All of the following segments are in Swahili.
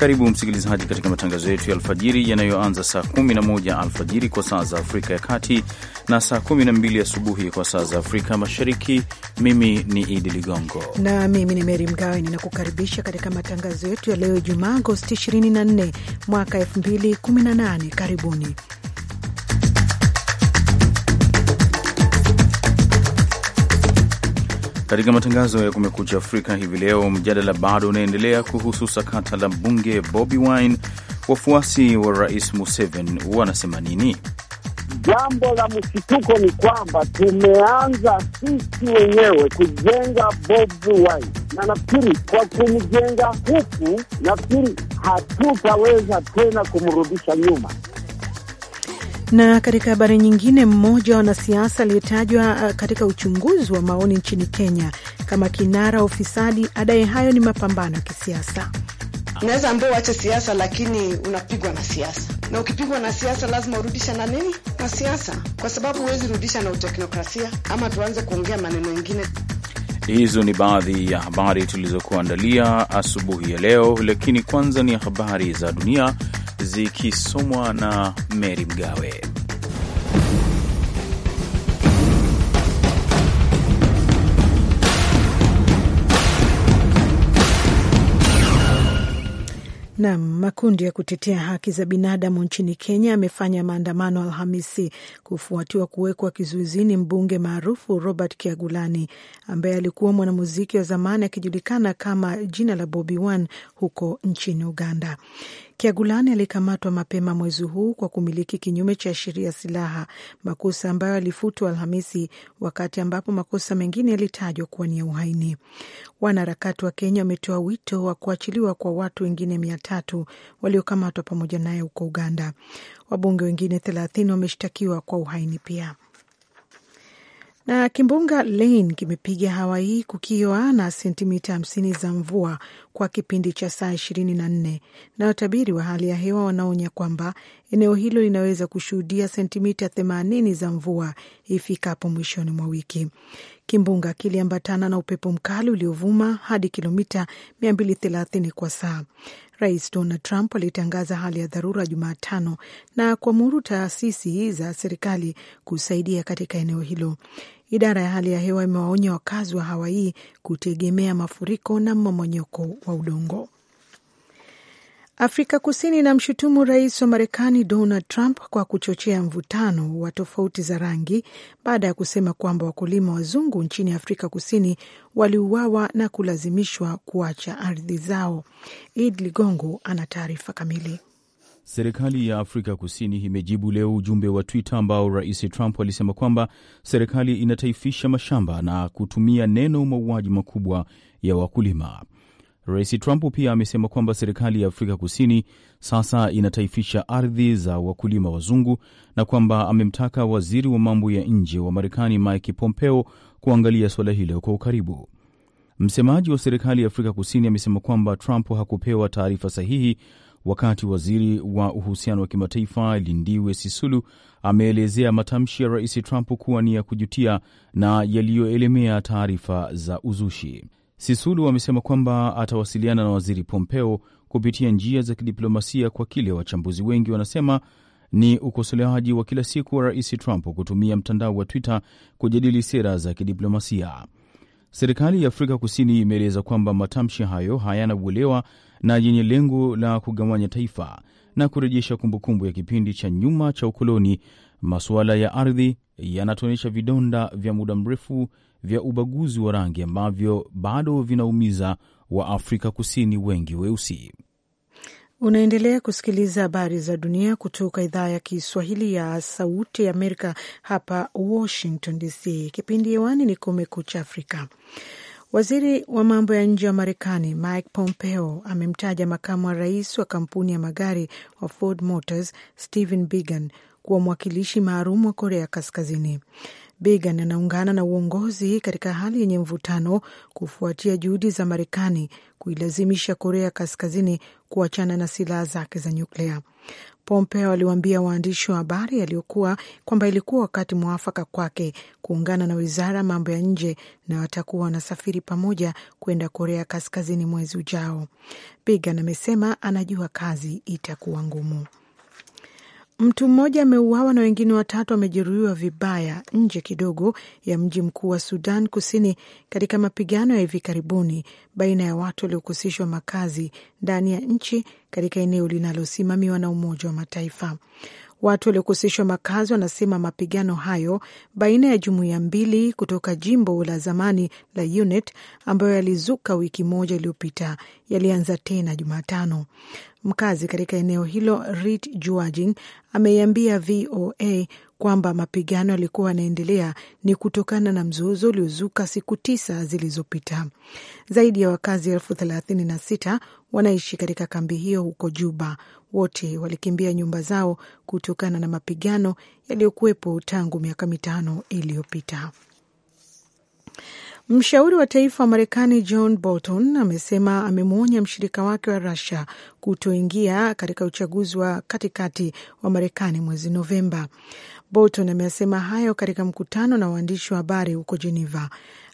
Karibu msikilizaji, katika matangazo yetu ya alfajiri yanayoanza saa 11 alfajiri kwa saa za Afrika ya Kati na saa 12 asubuhi kwa saa za Afrika Mashariki. Mimi ni Idi Ligongo na mimi ni Meri Mgawe, ninakukaribisha katika matangazo yetu ya leo Ijumaa Agosti 24 mwaka 2018. Karibuni Katika matangazo ya Kumekucha Afrika hivi leo, mjadala bado unaendelea kuhusu sakata la mbunge Bobi Wine. Wafuasi wa Rais Museveni wanasema nini? Jambo la msituko ni kwamba tumeanza sisi wenyewe kujenga Bobi Wine, na nafikiri kwa kumjenga huku, nafikiri hatutaweza tena kumrudisha nyuma. Na katika habari nyingine, mmoja wa wanasiasa aliyetajwa uh, katika uchunguzi wa maoni nchini Kenya kama kinara ufisadi adaye hayo ni mapambano ya kisiasa. Unaweza ambao uache siasa, lakini unapigwa na siasa, na ukipigwa na siasa lazima urudisha na nini na siasa, kwa sababu huwezi rudisha na uteknokrasia, ama tuanze kuongea maneno mengine. Hizo ni baadhi ya habari tulizokuandalia asubuhi ya leo, lakini kwanza ni habari za dunia zikisomwa na Meri Mgawe. Nam, makundi ya kutetea haki za binadamu nchini Kenya amefanya maandamano Alhamisi kufuatiwa kuwekwa kizuizini mbunge maarufu Robert Kiagulani ambaye alikuwa mwanamuziki wa zamani akijulikana kama jina la Bobi Wine huko nchini Uganda. Kiagulani alikamatwa mapema mwezi huu kwa kumiliki kinyume cha sheria silaha, makosa ambayo alifutwa Alhamisi, wakati ambapo makosa mengine yalitajwa kuwa ni ya uhaini. Wanaharakati wa Kenya wametoa wito wa kuachiliwa kwa watu wengine mia tatu waliokamatwa pamoja naye huko Uganda. Wabunge wengine thelathini wameshtakiwa kwa uhaini pia. Na kimbunga Lane kimepiga Hawaii kukiwa na sentimita hamsini za mvua kwa kipindi cha saa ishirini na nne na watabiri wa hali ya hewa wanaonya kwamba eneo hilo linaweza kushuhudia sentimita themanini za mvua ifikapo mwishoni mwa wiki. Kimbunga kiliambatana na upepo mkali uliovuma hadi kilomita thelathini kwa saa. Rais Donald Trump alitangaza hali ya dharura Jumatano na kuamuru taasisi za serikali kusaidia katika eneo hilo. Idara ya hali ya hewa imewaonya wakazi wa Hawaii kutegemea mafuriko na mmomonyoko wa udongo. Afrika Kusini inamshutumu rais wa Marekani Donald Trump kwa kuchochea mvutano wa tofauti za rangi baada ya kusema kwamba wakulima wazungu nchini Afrika Kusini waliuawa na kulazimishwa kuacha ardhi zao. Id Ligongo ana taarifa kamili. Serikali ya Afrika Kusini imejibu leo ujumbe wa Twitter ambao Rais Trump alisema kwamba serikali inataifisha mashamba na kutumia neno mauaji makubwa ya wakulima. Rais Trump pia amesema kwamba serikali ya Afrika Kusini sasa inataifisha ardhi za wakulima wazungu na kwamba amemtaka waziri wa mambo ya nje wa Marekani Mike Pompeo kuangalia suala hilo kwa ukaribu. Msemaji wa serikali ya Afrika Kusini amesema kwamba Trump hakupewa taarifa sahihi wakati waziri wa uhusiano wa kimataifa Lindiwe Sisulu ameelezea matamshi ya Rais Trump kuwa ni ya kujutia na yaliyoelemea taarifa za uzushi. Sisulu amesema kwamba atawasiliana na Waziri Pompeo kupitia njia za kidiplomasia kwa kile wachambuzi wengi wanasema ni ukosolewaji wa kila siku wa Rais Trump kutumia mtandao wa Twitter kujadili sera za kidiplomasia. Serikali ya Afrika Kusini imeeleza kwamba matamshi hayo hayana uelewa na yenye lengo la kugawanya taifa na kurejesha kumbukumbu ya kipindi cha nyuma cha ukoloni. Masuala ya ardhi yanatuonyesha vidonda vya muda mrefu vya ubaguzi wa rangi ambavyo bado vinaumiza wa afrika Kusini wengi weusi. Unaendelea kusikiliza habari za dunia kutoka idhaa ya Kiswahili ya Sauti ya Amerika, hapa Washington DC. Kipindi hewani ni Kumekucha Afrika. Waziri wa mambo ya nje wa Marekani Mike Pompeo amemtaja makamu wa rais wa kampuni ya magari wa Ford Motors Stephen Bigan kuwa mwakilishi maalum wa Korea Kaskazini. Bigan anaungana na uongozi katika hali yenye mvutano kufuatia juhudi za Marekani kuilazimisha Korea Kaskazini kuachana na silaha zake za nyuklia. Pompeo aliwaambia waandishi wa habari aliyokuwa kwamba ilikuwa wakati mwafaka kwake kuungana na wizara mambo ya nje na watakuwa wanasafiri pamoja kwenda Korea Kaskazini mwezi ujao. pigan amesema anajua kazi itakuwa ngumu. Mtu mmoja ameuawa na wengine watatu wamejeruhiwa vibaya nje kidogo ya mji mkuu wa Sudan Kusini katika mapigano ya hivi karibuni baina ya watu waliokoseshwa makazi ndani ya nchi katika eneo linalosimamiwa na Umoja wa Mataifa. Watu waliokoseshwa makazi wanasema mapigano hayo baina ya jumuiya mbili kutoka jimbo la zamani la Unit ambayo yalizuka wiki moja iliyopita yalianza tena Jumatano. Mkazi katika eneo hilo Rit Juajing ameiambia VOA kwamba mapigano yalikuwa yanaendelea ni kutokana na mzozo uliozuka siku tisa zilizopita. Zaidi ya wakazi elfu thelathini na sita wanaishi katika kambi hiyo huko Juba wote walikimbia nyumba zao kutokana na mapigano yaliyokuwepo tangu miaka mitano iliyopita. Mshauri wa taifa wa Marekani John Bolton amesema amemwonya mshirika wake wa Russia kutoingia katika uchaguzi wa katikati wa Marekani mwezi Novemba. Bolton amesema hayo katika mkutano na waandishi wa habari huko Geneva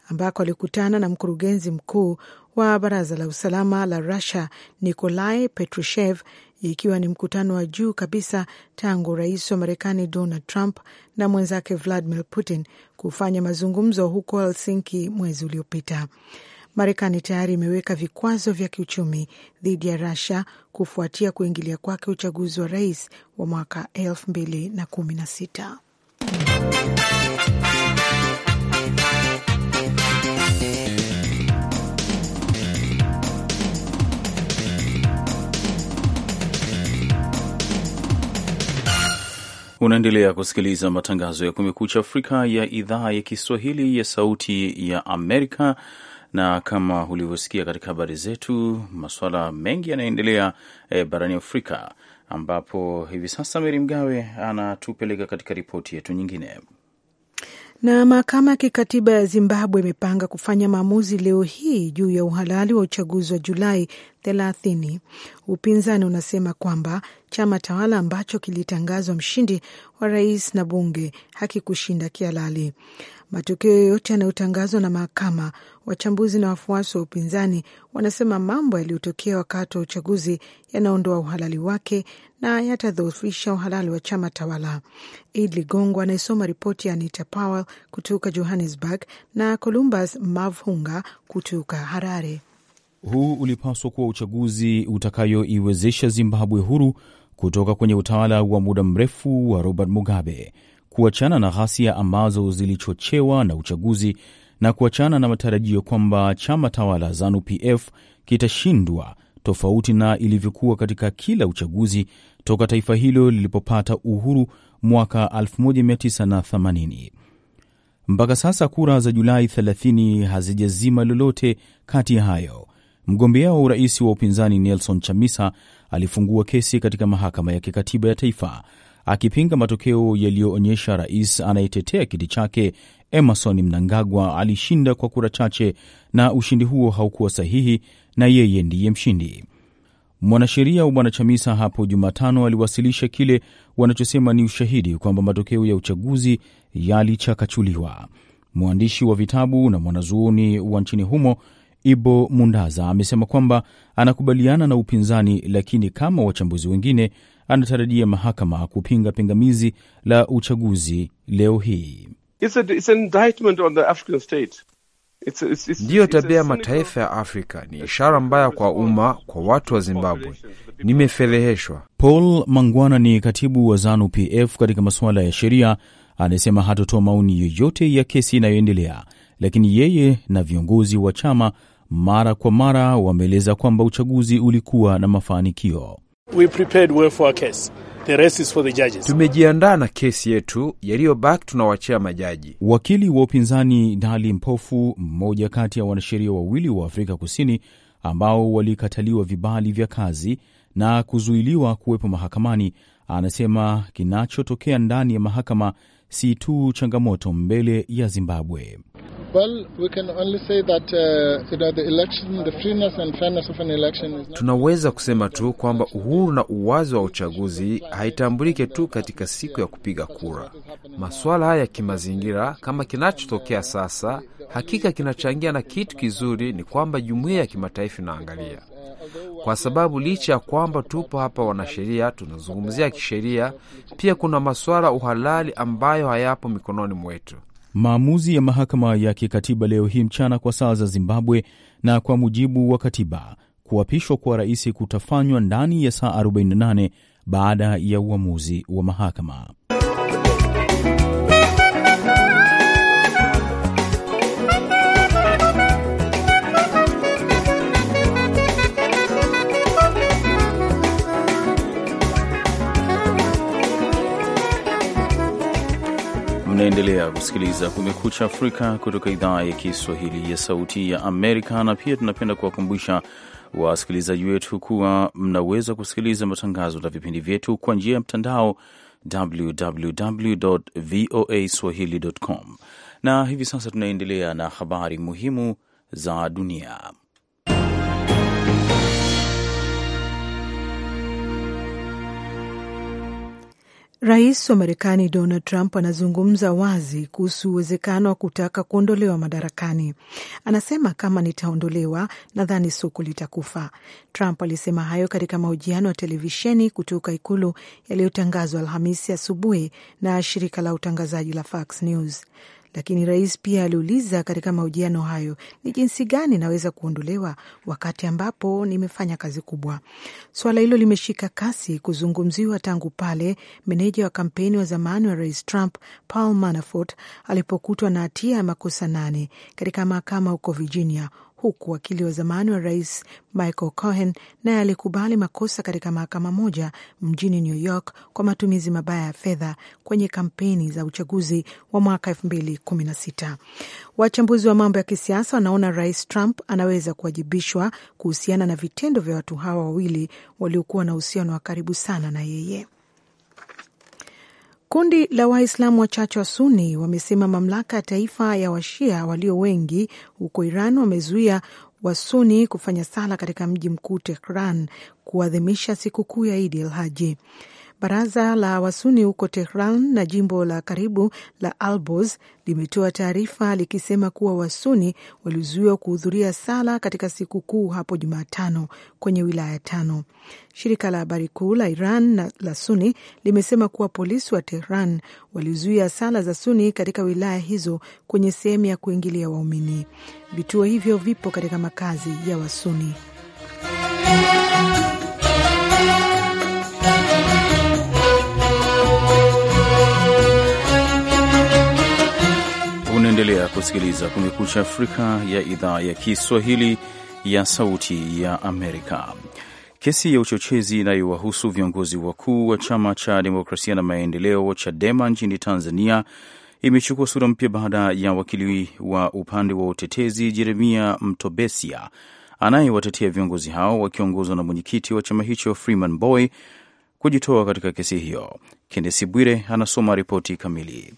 ambako alikutana na mkurugenzi mkuu wa baraza la usalama la Rusia Nikolai Petrushev, ikiwa ni mkutano wa juu kabisa tangu rais wa Marekani Donald Trump na mwenzake Vladimir Putin kufanya mazungumzo huko Helsinki mwezi uliopita. Marekani tayari imeweka vikwazo vya kiuchumi dhidi ya Rusia kufuatia kuingilia kwake uchaguzi wa rais wa mwaka elfu mbili na kumi na sita. Unaendelea kusikiliza matangazo ya Kumekucha Afrika ya idhaa ya Kiswahili ya Sauti ya Amerika, na kama ulivyosikia katika habari zetu, masuala mengi yanaendelea e, barani Afrika, ambapo hivi sasa Meri Mgawe anatupeleka katika ripoti yetu nyingine. Na mahakama ya kikatiba ya Zimbabwe imepanga kufanya maamuzi leo hii juu ya uhalali wa uchaguzi wa Julai thelathini. Upinzani unasema kwamba chama tawala ambacho kilitangazwa mshindi wa rais na bunge hakikushinda kihalali. Matokeo yoyote yanayotangazwa na mahakama, wachambuzi na wafuasi wa upinzani wanasema mambo yaliyotokea wakati wa uchaguzi yanaondoa uhalali wake na yatadhoofisha uhalali wa chama tawala. Id Ligongo anayesoma ripoti ya Anita Powell kutoka Johannesburg na Columbus Mavhunga kutoka Harare. Huu ulipaswa kuwa uchaguzi utakayoiwezesha Zimbabwe huru kutoka kwenye utawala wa muda mrefu wa Robert Mugabe, kuachana na ghasia ambazo zilichochewa na uchaguzi na kuachana na matarajio kwamba chama tawala ZANU-PF kitashindwa, tofauti na ilivyokuwa katika kila uchaguzi toka taifa hilo lilipopata uhuru mwaka 1980. Mpaka sasa kura za Julai 30 hazijazima lolote kati ya hayo. Mgombea wa urais wa upinzani Nelson Chamisa alifungua kesi katika mahakama ya kikatiba ya taifa akipinga matokeo yaliyoonyesha rais anayetetea kiti chake Emerson Mnangagwa alishinda kwa kura chache na ushindi huo haukuwa sahihi na yeye ndiye mshindi. Mwanasheria wa Bwana Chamisa hapo Jumatano aliwasilisha kile wanachosema ni ushahidi kwamba matokeo ya uchaguzi yalichakachuliwa. Mwandishi wa vitabu na mwanazuoni wa nchini humo Ibo Mundaza amesema kwamba anakubaliana na upinzani, lakini kama wachambuzi wengine anatarajia mahakama kupinga pingamizi la uchaguzi leo hii. Ndiyo tabia ya mataifa ya Afrika, ni ishara mbaya kwa umma, kwa watu wa Zimbabwe. Nimefeleheshwa. Paul Mangwana ni katibu wa ZANU PF katika masuala ya sheria, anasema hatotoa maoni yoyote ya kesi inayoendelea, lakini yeye na viongozi wa chama mara kwa mara wameeleza kwamba uchaguzi ulikuwa na mafanikio. Tumejiandaa na kesi yetu, yaliyobaki tunawachia majaji. Wakili wa upinzani Dali Mpofu, mmoja kati ya wanasheria wawili wa Afrika Kusini ambao walikataliwa vibali vya kazi na kuzuiliwa kuwepo mahakamani, anasema kinachotokea ndani ya mahakama si tu changamoto mbele ya Zimbabwe. Tunaweza kusema tu kwamba uhuru na uwazi wa uchaguzi haitambulike tu katika siku ya kupiga kura. Masuala haya ya kimazingira kama kinachotokea sasa, hakika kinachangia, na kitu kizuri ni kwamba jumuiya ya kimataifa inaangalia kwa sababu licha ya kwamba tupo hapa wanasheria tunazungumzia kisheria, pia kuna masuala uhalali ambayo hayapo mikononi mwetu. Maamuzi ya mahakama ya kikatiba leo hii mchana kwa saa za Zimbabwe, na kwa mujibu wa katiba kuapishwa kwa rais kutafanywa ndani ya saa 48 baada ya uamuzi wa mahakama. Mnaendelea kusikiliza Kumekucha Afrika kutoka idhaa ya Kiswahili ya Sauti ya Amerika, na pia tunapenda kuwakumbusha wasikilizaji wetu kuwa mnaweza kusikiliza matangazo na vipindi vyetu kwa njia ya mtandao www voa swahili com, na hivi sasa tunaendelea na habari muhimu za dunia. Rais wa Marekani Donald Trump anazungumza wazi kuhusu uwezekano wa kutaka kuondolewa madarakani. Anasema kama nitaondolewa, nadhani soko litakufa. Trump alisema hayo katika mahojiano ya televisheni kutoka ikulu yaliyotangazwa Alhamisi asubuhi na shirika la utangazaji la Fox News. Lakini rais pia aliuliza katika mahojiano hayo, ni jinsi gani naweza kuondolewa wakati ambapo nimefanya kazi kubwa. Suala hilo limeshika kasi kuzungumziwa tangu pale meneja wa kampeni wa zamani wa rais Trump Paul Manafort alipokutwa na hatia ya makosa nane katika mahakama huko Virginia huku wakili wa zamani wa rais Michael Cohen naye alikubali makosa katika mahakama moja mjini New York kwa matumizi mabaya ya fedha kwenye kampeni za uchaguzi wa mwaka sita. Wachambuzi wa mambo ya kisiasa wanaona Rais Trump anaweza kuwajibishwa kuhusiana na vitendo vya watu hawa wawili waliokuwa na uhusiano wa karibu sana na yeye. Kundi la Waislamu wachache wa Suni wamesema mamlaka ya taifa ya Washia walio wengi huko Iran wamezuia Wasuni kufanya sala katika mji mkuu Tehran kuadhimisha sikukuu ya Idi el Haji. Baraza la Wasuni huko Tehran na jimbo la karibu la albos limetoa taarifa likisema kuwa Wasuni walizuiwa kuhudhuria sala katika siku kuu hapo Jumatano kwenye wilaya tano. Shirika la habari kuu la Iran na la Suni limesema kuwa polisi wa Tehran walizuia sala za Suni katika wilaya hizo kwenye sehemu ya kuingilia waumini. Vituo hivyo vipo katika makazi ya Wasuni. Unaendelea kusikiliza Kumekucha Afrika ya idhaa ya Kiswahili ya Sauti ya Amerika. Kesi ya uchochezi inayowahusu viongozi wakuu wa Chama cha Demokrasia na Maendeleo, CHADEMA, nchini Tanzania imechukua sura mpya baada ya wakili wa upande wa utetezi Jeremia Mtobesia anayewatetea viongozi hao wakiongozwa na mwenyekiti wa chama hicho Freeman boy kujitoa katika kesi hiyo. Kennesi Bwire anasoma ripoti kamili.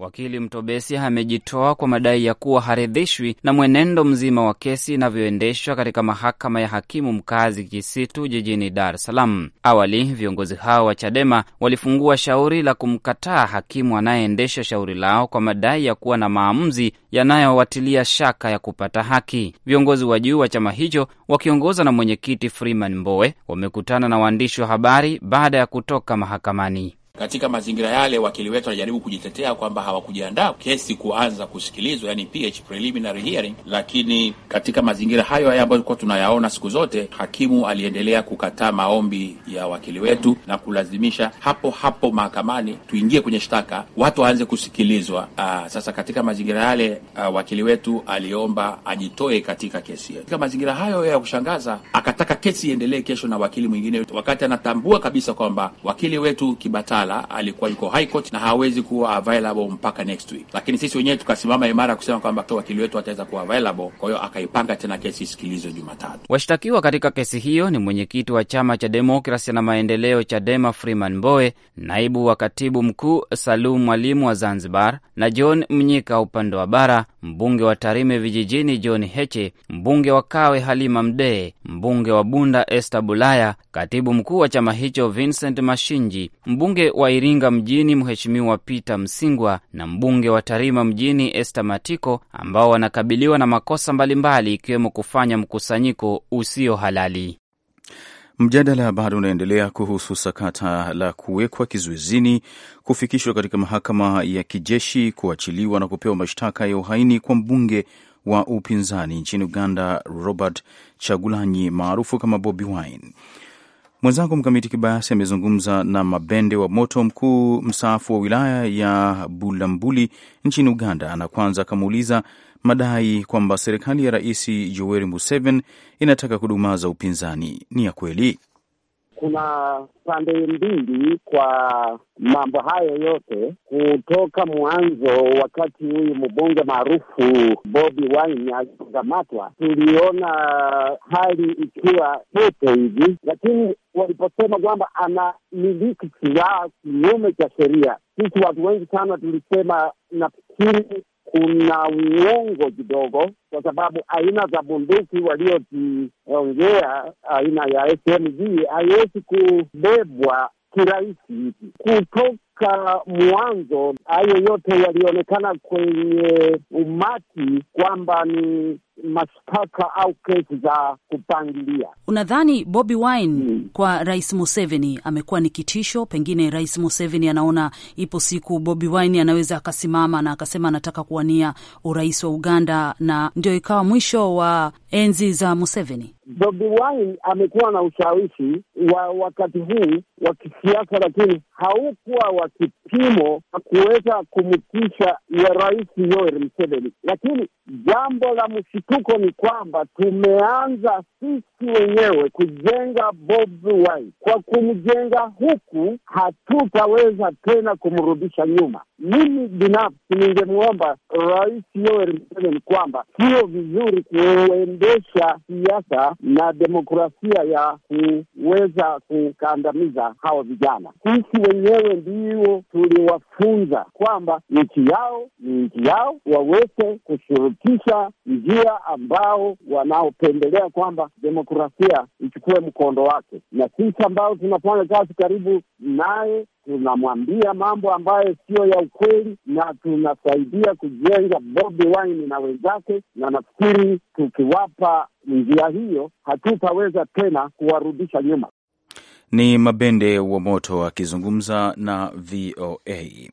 Wakili Mtobesi amejitoa kwa madai ya kuwa haridhishwi na mwenendo mzima wa kesi inavyoendeshwa katika mahakama ya hakimu mkazi Kisitu jijini Dar es Salaam. Awali viongozi hao wa Chadema walifungua shauri la kumkataa hakimu anayeendesha shauri lao kwa madai ya kuwa na maamuzi yanayowatilia shaka ya kupata haki. Viongozi wa juu wa chama hicho wakiongozwa na mwenyekiti Freeman Mbowe wamekutana na waandishi wa habari baada ya kutoka mahakamani. Katika mazingira yale, wakili wetu anajaribu kujitetea kwamba hawakujiandaa kesi kuanza kusikilizwa, yani PH, preliminary hearing, lakini katika mazingira hayo haya ambayo tulikuwa tunayaona siku zote, hakimu aliendelea kukataa maombi ya wakili wetu na kulazimisha hapo hapo mahakamani tuingie kwenye shtaka, watu waanze kusikilizwa. Aa, ah, sasa katika mazingira yale aa, ah, wakili wetu aliomba ajitoe katika kesi yetu. Katika mazingira hayo ya kushangaza, akataka kesi iendelee kesho na wakili mwingine, wakati anatambua kabisa kwamba wakili wetu Kibatala Kajala alikuwa yuko high court na hawezi kuwa available mpaka next week, lakini sisi wenyewe tukasimama imara kusema kwamba wakili wetu ataweza kuwa available. Kwa hiyo akaipanga tena kesi isikilizwe Jumatatu. Washtakiwa katika kesi hiyo ni mwenyekiti wa chama cha demokrasia na maendeleo Chadema Freeman Mbowe, naibu wa katibu mkuu Salum Mwalimu wa Zanzibar na John Mnyika upande wa bara, mbunge wa Tarime vijijini John Heche, mbunge wa Kawe Halima Mdee, mbunge wa Bunda Esther Bulaya, katibu mkuu wa chama hicho Vincent Mashinji, mbunge wa Iringa mjini Mheshimiwa Peter Msingwa na mbunge wa Tarima mjini Esther Matiko ambao wanakabiliwa na makosa mbalimbali ikiwemo kufanya mkusanyiko usio halali. Mjadala bado unaendelea kuhusu sakata la kuwekwa kizuizini, kufikishwa katika mahakama ya kijeshi, kuachiliwa na kupewa mashtaka ya uhaini kwa mbunge wa upinzani nchini Uganda Robert Chagulanyi maarufu kama Bobi Wine. Mwenzangu Mkamiti Kibayasi amezungumza na Mabende wa Moto, mkuu mstaafu wa wilaya ya Bulambuli nchini Uganda, na kwanza akamuuliza madai kwamba serikali ya Rais Yoweri Museveni inataka kudumaza upinzani ni ya kweli? kuna pande mbili kwa mambo hayo yote kutoka mwanzo. Wakati huyu mbunge maarufu Bobi Wine alikamatwa, tuliona hali ikiwa tete hivi, lakini waliposema kwamba anamiliki silaha kinyume cha sheria, sisi watu wengi sana tulisema, nafikiri kuna uongo kidogo, kwa sababu aina za bunduki walioziongea aina ya SMG haiwezi kubebwa kirahisi hivi kutoka mwanzo. Hayo yote yalionekana kwenye umati kwamba ni mashtaka au kesi za kupangilia. Unadhani Bobi Wine hmm, kwa Rais Museveni amekuwa ni kitisho? Pengine Rais Museveni anaona ipo siku Bobi Wine anaweza akasimama na akasema anataka kuwania urais wa Uganda na ndio ikawa mwisho wa enzi za Museveni. Bobi Wine amekuwa na ushawishi wa wakati huu wa kisiasa, lakini haukuwa wa kipimo kuweza kumtisha ya Rais Yoweri Museveni, lakini jambo la mshtuko ni kwamba tumeanza sisi wenyewe kujenga Bobi Wine. Kwa kumjenga huku, hatutaweza tena kumrudisha nyuma. Mimi binafsi ningemwomba Rais Yoweri Museveni kwamba sio vizuri kuendesha siasa na demokrasia ya kuweza kukandamiza hawa vijana. Sisi wenyewe ndio tuliwafunza kwamba nchi yao ni nchi yao, waweze kushurukisha njia ambao wanaopendelea kwamba demokrasia ichukue mkondo wake, na sisi ambao tunafanya kazi karibu naye tunamwambia mambo ambayo siyo ya ukweli, na tunasaidia kujenga Bobi Wine na wenzake, na nafikiri tukiwapa njia hiyo hatutaweza tena kuwarudisha nyuma. Ni Mabende wa Moto akizungumza na VOA.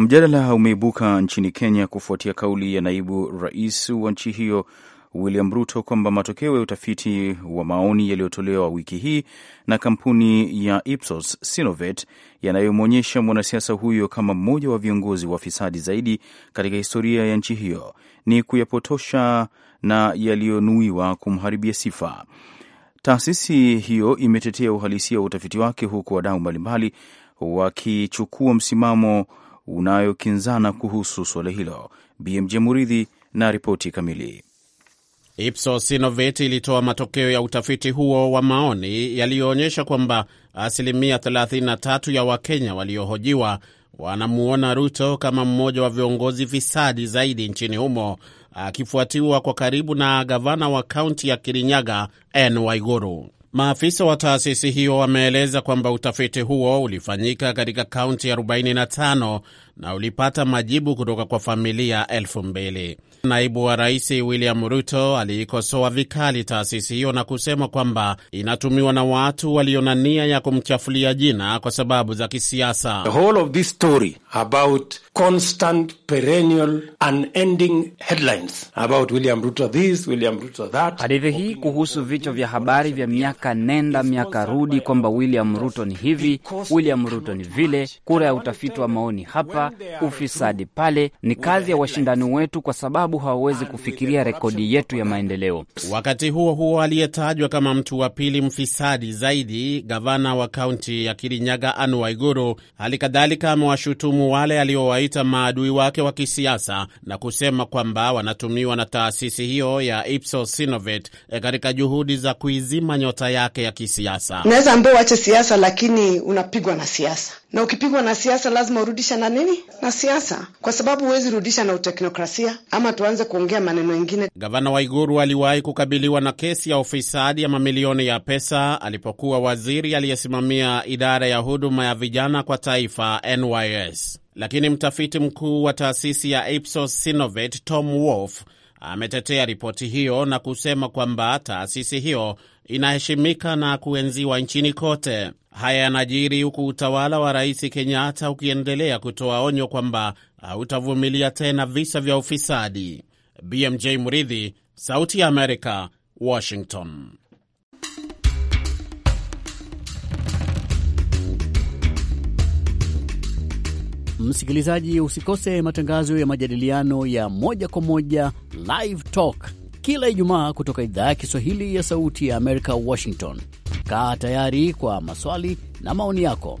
Mjadala umeibuka nchini Kenya kufuatia kauli ya naibu rais wa nchi hiyo William Ruto kwamba matokeo ya utafiti wa maoni yaliyotolewa wiki hii na kampuni ya Ipsos Sinovet yanayomwonyesha mwanasiasa huyo kama mmoja wa viongozi wa fisadi zaidi katika historia ya nchi hiyo ni kuyapotosha na yaliyonuiwa kumharibia sifa. Taasisi hiyo imetetea uhalisia wa utafiti wake huku wadau mbalimbali wakichukua msimamo unayokinzana kuhusu suala hilo. BMJ Muridhi na ripoti kamili. Ipsos Innovate ilitoa matokeo ya utafiti huo wa maoni yaliyoonyesha kwamba asilimia 33 ya Wakenya waliohojiwa wanamuona Ruto kama mmoja wa viongozi fisadi zaidi nchini humo, akifuatiwa kwa karibu na gavana wa kaunti ya Kirinyaga N Waiguru. Maafisa wa taasisi hiyo wameeleza kwamba utafiti huo ulifanyika katika kaunti 45 na ulipata majibu kutoka kwa familia elfu mbili. Naibu wa rais William Ruto aliikosoa vikali taasisi hiyo na kusema kwamba inatumiwa na watu walio na nia ya kumchafulia jina kwa sababu za kisiasa. The whole of this story about constant perennial unending headlines about William Ruto this, William Ruto that. Hadithi hii kuhusu vichwa vya habari vya miaka nenda miaka rudi kwamba William Ruto ni hivi, William Ruto ni vile, kura ya utafiti wa maoni hapa, ufisadi pale, ni kazi ya washindani wetu kwa sababu sababu hawawezi kufikiria rekodi yetu ya maendeleo. Wakati huo huo, aliyetajwa kama mtu wa pili mfisadi zaidi, gavana wa kaunti ya Kirinyaga Anu Waiguru, hali kadhalika amewashutumu wale aliowaita maadui wake wa kisiasa na kusema kwamba wanatumiwa na taasisi hiyo ya Ipsos Synovate eh, katika juhudi za kuizima nyota yake ya kisiasa. Naweza ambao wache siasa, lakini unapigwa na siasa, na ukipigwa na siasa lazima urudisha na nini na siasa, kwa sababu huwezi rudisha na uteknokrasia ama tuanze kuongea maneno mengine. Gavana Waiguru aliwahi kukabiliwa na kesi ya ufisadi ya mamilioni ya pesa alipokuwa waziri aliyesimamia idara ya huduma ya vijana kwa taifa NYS, lakini mtafiti mkuu wa taasisi ya Ipsos Synovate Tom Wolf ametetea ripoti hiyo na kusema kwamba taasisi hiyo inaheshimika na kuenziwa nchini kote. Haya yanajiri huku utawala wa Rais Kenyatta ukiendelea kutoa onyo kwamba hautavumilia tena visa vya ufisadi. BMJ Muridhi, Sauti ya Amerika, Washington. Msikilizaji, usikose matangazo ya majadiliano ya moja kwa moja Live Talk kila Ijumaa kutoka idhaa ya Kiswahili ya Sauti ya Amerika, Washington. Kaa tayari kwa maswali na maoni yako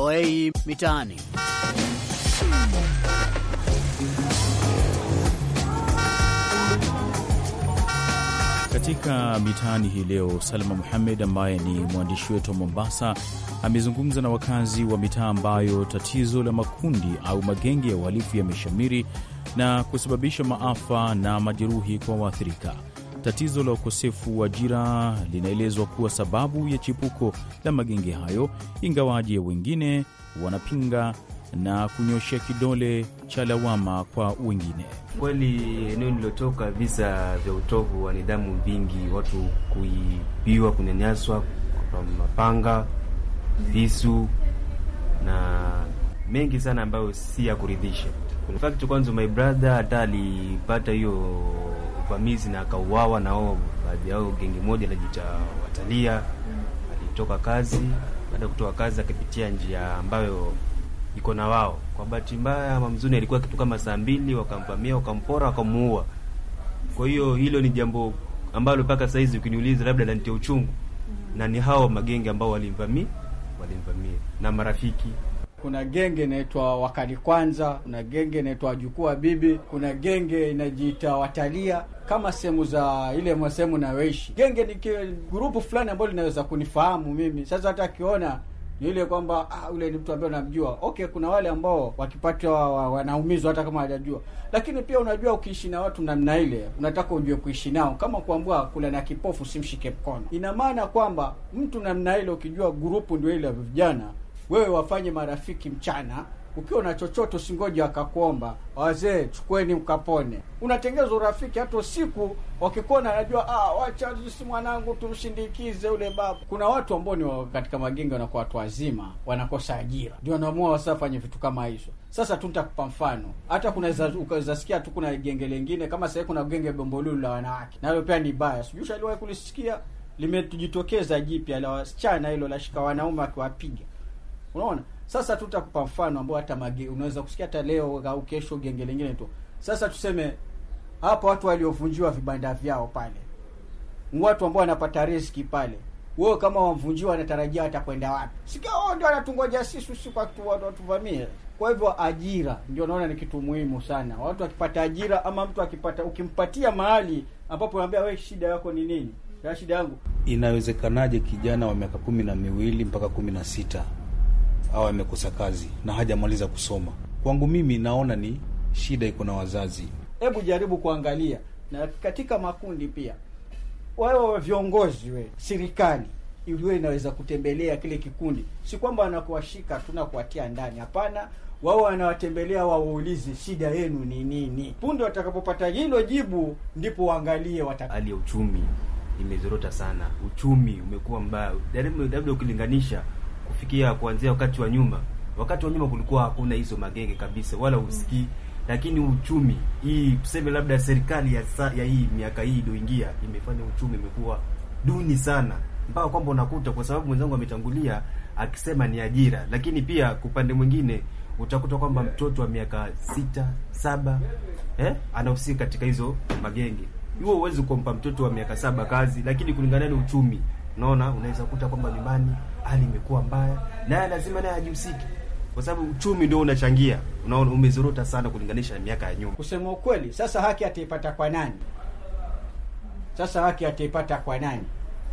VOA Mitaani. Katika mitaani hii leo, Salma Muhamed ambaye ni mwandishi wetu wa Mombasa amezungumza na wakazi wa mitaa ambayo tatizo la makundi au magenge ya uhalifu yameshamiri na kusababisha maafa na majeruhi kwa waathirika. Tatizo la ukosefu wa ajira linaelezwa kuwa sababu ya chipuko la magenge hayo, ingawaje wengine wanapinga na kunyoshea kidole cha lawama kwa wengine. Kweli eneo nililotoka visa vya utovu wa nidhamu vingi, watu kuibiwa, kunyanyaswa kwa mapanga, visu na mengi sana ambayo si ya kuridhisha. kwanza my brother hata alipata hiyo uvamizi na akauawa, na wao baadhi yao gengi moja lajita watalia. Alitoka kazi, baada ya kutoka kazi akapitia njia ambayo iko na wao. Kwa bahati mbaya ama alikuwa kitu kama saa mbili, wakamvamia, wakampora, wakamuua. Kwa hiyo hilo ni jambo ambalo mpaka saa hizi ukiniuliza, labda lanitia uchungu, na ni hao magenge ambao walimvamia walimvamia na marafiki kuna genge inaitwa Wakali Kwanza, kuna genge inaitwa Wajukuu wa Bibi, kuna genge inajiita Watalia, kama sehemu za ile sehemu nayoishi. Genge ni grupu fulani ambayo linaweza kunifahamu mimi. Sasa hata akiona ni ile kwamba ah, ule ni mtu ambaye unamjua. Okay, kuna wale ambao wakipata wanaumizwa wa, hata kama hajajua, lakini pia unajua, ukiishi na watu namna ile unataka ujue kuishi nao, kama kuambua kula na kipofu simshike mkono. Ina maana kwamba mtu namna ile ukijua grupu ndio ile ya vijana wewe wafanye marafiki mchana ukiwa na chochote usingoje akakuomba, wazee chukweni mkapone. Unatengeza urafiki hata usiku wakikuona, najua ah, wacha sisi mwanangu tumshindikize ule baba. Kuna watu ambao ni katika magenge wanakuwa watu wazima, wanakosa ajira, ndio wanaamua wasafanye vitu kama hizo. Sasa tu nitakupa mfano, hata kunazasikia tu kuna genge lingine kama sahii, kuna genge Bombolulu la wanawake, nalo pia ni baya, sijui shaliwahi kulisikia, limetujitokeza jipya la wasichana hilo, lashika wanaume akiwapiga Unaona, sasa tutakupa mfano ambao hata mage, unaweza kusikia hata leo au kesho genge lingine tu. Sasa tuseme hapo watu waliovunjiwa vibanda vyao pale, Ni watu ambao wanapata riski pale, wewe kama wamvunjiwa, anatarajia watakwenda wapi? Sikia wao ndio anatungoja sisi, sisi kwa watu watuvamie. Kwa hivyo ajira ndio naona ni kitu muhimu sana. Watu akipata ajira ama mtu akipata, ukimpatia mahali ambapo unaambia wewe, shida yako ni nini? Ya shida yangu, inawezekanaje kijana wa miaka kumi na miwili mpaka kumi na sita au amekosa kazi na hajamaliza kusoma. Kwangu mimi naona ni shida iko na wazazi. Hebu jaribu kuangalia na katika makundi pia, wao viongozi, we serikali iliwe inaweza kutembelea kile kikundi, si kwamba wanakuwashika tuna kuwatia ndani, hapana. Wao wanawatembelea wawaulize, shida yenu ni nini? Punde watakapopata hilo jibu, ndipo waangalie wataka. Hali ya uchumi imezorota sana, uchumi umekuwa mbaya, labda ukilinganisha kufikia kuanzia wakati wa nyuma. Wakati wa nyuma kulikuwa hakuna hizo magenge kabisa, wala mm. usikii lakini uchumi hii tuseme labda serikali ya, sa, ya hii miaka hii iliyoingia imefanya uchumi imekuwa duni sana, mpaka kwamba unakuta kwa sababu mwenzangu ametangulia akisema ni ajira, lakini pia kwa upande mwingine utakuta kwamba mtoto wa miaka sita saba eh, anahusika katika hizo magenge. Huo huwezi kumpa mtoto wa miaka saba kazi, lakini kulingana na uchumi Unaona, unaweza kukuta kwamba nyumbani hali imekuwa mbaya, naye lazima naye ajihusike kwa sababu uchumi ndio unachangia. Unaona, umezorota sana kulinganisha na miaka ya nyuma. Kusema ukweli, sasa haki ataipata kwa nani? Sasa haki ataipata kwa nani?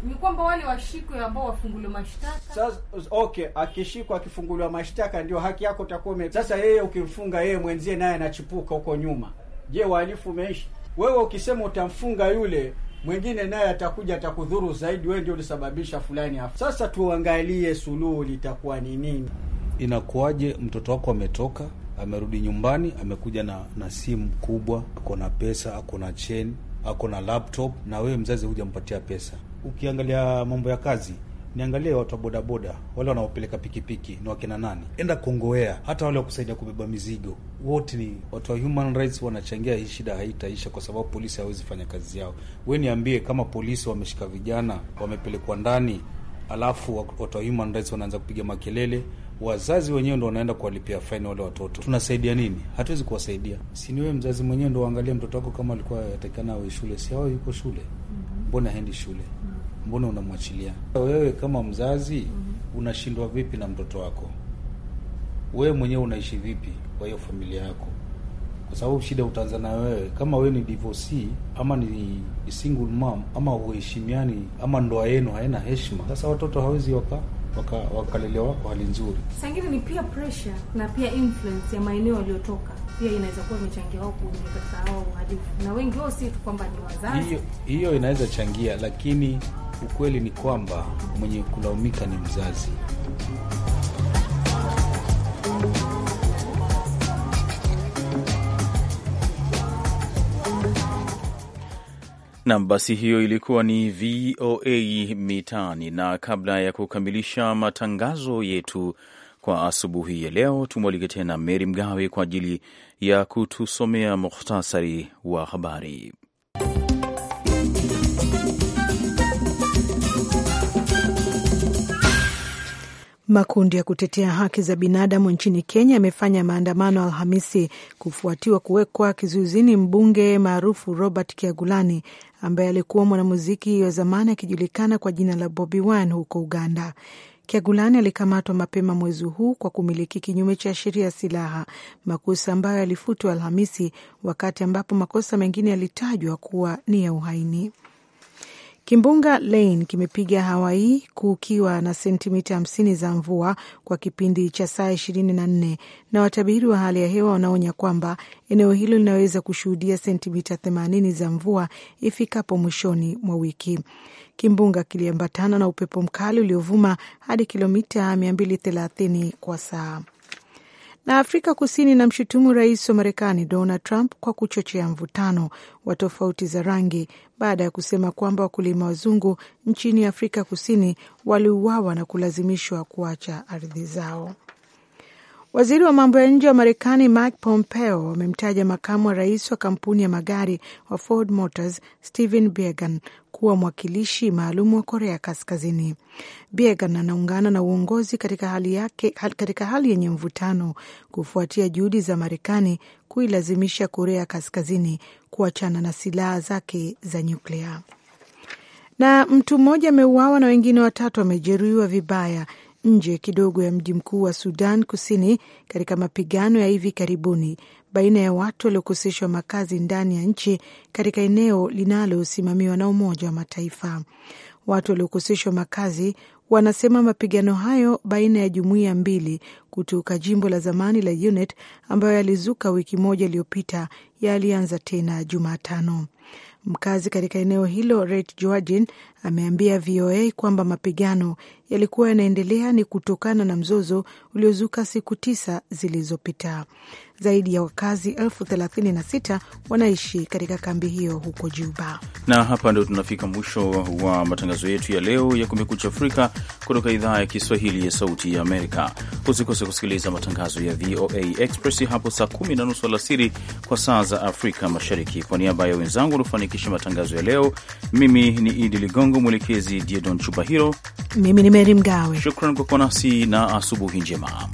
Ni kwamba wale washikwe ambao wafunguliwa mashtaka. Sasa okay, akishikwa akifunguliwa mashtaka ndio haki yako itakuwa ime. Sasa yeye ukimfunga yeye mwenzie naye anachipuka huko nyuma. Je, walifu umeishi? Wewe ukisema utamfunga yule mwingine naye atakuja atakudhuru zaidi, wewe ndio ulisababisha fulani hapo. Sasa tuangalie suluhu litakuwa ni nini. Inakuwaje mtoto wako ametoka amerudi nyumbani, amekuja na, na simu kubwa, ako na pesa, ako na cheni, ako na laptop, na wewe mzazi hujampatia pesa. Ukiangalia mambo ya kazi niangalie watu wa bodaboda wale wanaopeleka pikipiki ni wakina nani, enda kongoea hata wale wakusaidia kubeba mizigo, wote ni watu wa human rights, wanachangia. Hii shida haitaisha kwa sababu polisi hawezi fanya kazi yao. We niambie, kama polisi wameshika vijana wamepelekwa ndani, alafu watu wa human rights wanaanza kupiga makelele wazazi wenyewe ndo wanaenda kuwalipia faini wale watoto, tunasaidia nini? Hatuwezi kuwasaidia. Si ni wewe mzazi mwenyewe ndo waangalie mtoto wako, kama alikuwa atakikana awe shule, si awe yuko shule, mm-hmm. mbona haendi shule? mbona unamwachilia? Wewe kama mzazi mm -hmm. unashindwa vipi na mtoto wako? Wewe mwenyewe unaishi vipi kwa hiyo familia yako? Kwa sababu shida utaanza na wewe. Kama wewe ni divorcee ama ni single mom ama uheshimiani ama ndoa yenu haina heshima, sasa watoto hawezi waka wakalelewa waka kwa hali nzuri. Sangine ni pia pressure na pia influence ya maeneo waliotoka pia inaweza kuwa imechangia wao kuingia katika hao uhalifu, na wengi wao si tu kwamba ni wazazi. Hiyo inaweza changia, lakini Ukweli ni kwamba mwenye kulaumika ni mzazi. Nam, basi hiyo ilikuwa ni VOA Mitaani, na kabla ya kukamilisha matangazo yetu kwa asubuhi ya leo, tumwalike tena Meri Mgawe kwa ajili ya kutusomea muhtasari wa habari. Makundi ya kutetea haki za binadamu nchini Kenya yamefanya maandamano Alhamisi kufuatiwa kuwekwa kizuizini mbunge maarufu Robert kiagulani ambaye alikuwa mwanamuziki wa zamani akijulikana kwa jina la Bobi Wine huko Uganda. kiagulani alikamatwa mapema mwezi huu kwa kumiliki kinyume cha sheria silaha, makosa ambayo yalifutwa Alhamisi, wakati ambapo makosa mengine yalitajwa kuwa ni ya uhaini. Kimbunga Lane kimepiga Hawaii kukiwa na sentimita hamsini za mvua kwa kipindi cha saa ishirini na nne na watabiri wa hali ya hewa wanaonya kwamba eneo hilo linaweza kushuhudia sentimita themanini za mvua ifikapo mwishoni mwa wiki. Kimbunga kiliambatana na upepo mkali uliovuma hadi kilomita mia mbili thelathini kwa saa. Na Afrika Kusini inamshutumu rais wa Marekani Donald Trump kwa kuchochea mvutano wa tofauti za rangi baada ya kusema kwamba wakulima wazungu nchini Afrika Kusini waliuawa na kulazimishwa kuacha ardhi zao. Waziri wa mambo ya nje wa Marekani Mike Pompeo amemtaja makamu wa rais wa kampuni ya magari wa Ford Motors Stephen Biegun kuwa mwakilishi maalum wa Korea Kaskazini. Biegun anaungana na uongozi katika hali yake, katika hali yenye mvutano kufuatia juhudi za Marekani kuilazimisha Korea Kaskazini kuachana na silaha zake za nyuklia. Na mtu mmoja ameuawa na wengine watatu wamejeruhiwa vibaya nje kidogo ya mji mkuu wa Sudan Kusini katika mapigano ya hivi karibuni baina ya watu waliokoseshwa makazi ndani ya nchi katika eneo linalosimamiwa na Umoja wa Mataifa. Watu waliokoseshwa makazi wanasema mapigano hayo baina ya jumuiya mbili kutoka jimbo la zamani la Unit ambayo yalizuka wiki moja iliyopita yalianza tena Jumatano. Mkazi katika eneo hilo Ret Joagin ameambia VOA kwamba mapigano yalikuwa yanaendelea ni kutokana na mzozo uliozuka siku tisa zilizopita. Zaidi ya wakazi elfu thelathini na sita wanaishi katika kambi hiyo huko Juba. Na hapa ndio tunafika mwisho wa matangazo yetu ya leo ya Kumekucha Afrika kutoka idhaa ya Kiswahili ya Sauti ya Amerika. Usikose kusikiliza matangazo ya VOA Express hapo saa kumi na nusu alasiri kwa saa za Afrika Mashariki. Kwa niaba ya wenzangu uliofanikisha kufanikisha matangazo ya leo. Mimi ni Idi Ligongo, mwelekezi Diedon Chubahiro, mimi ni Meri Mgawe. Shukran kwa kuwa nasi na asubuhi njema.